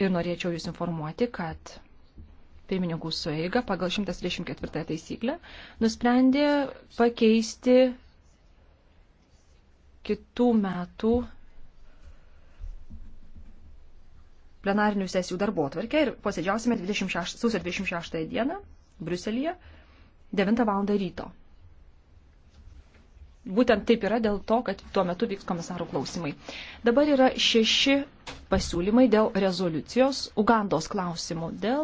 Ir norėčiau Jūs informuoti, kad pirmininkų sueiga pagal 124 taisyklę nusprendė pakeisti kitų metų plenarinių sesijų darbo atvarkę ir posėdžiausime 26, sausio 26 dieną Bruselėje 9 val. ryto. Būtent taip yra dėl to, kad tuo metu vyks komisarų klausimai. Dabar yra šeši pasiūlymai dėl rezoliucijos Ugandos klausimų, dėl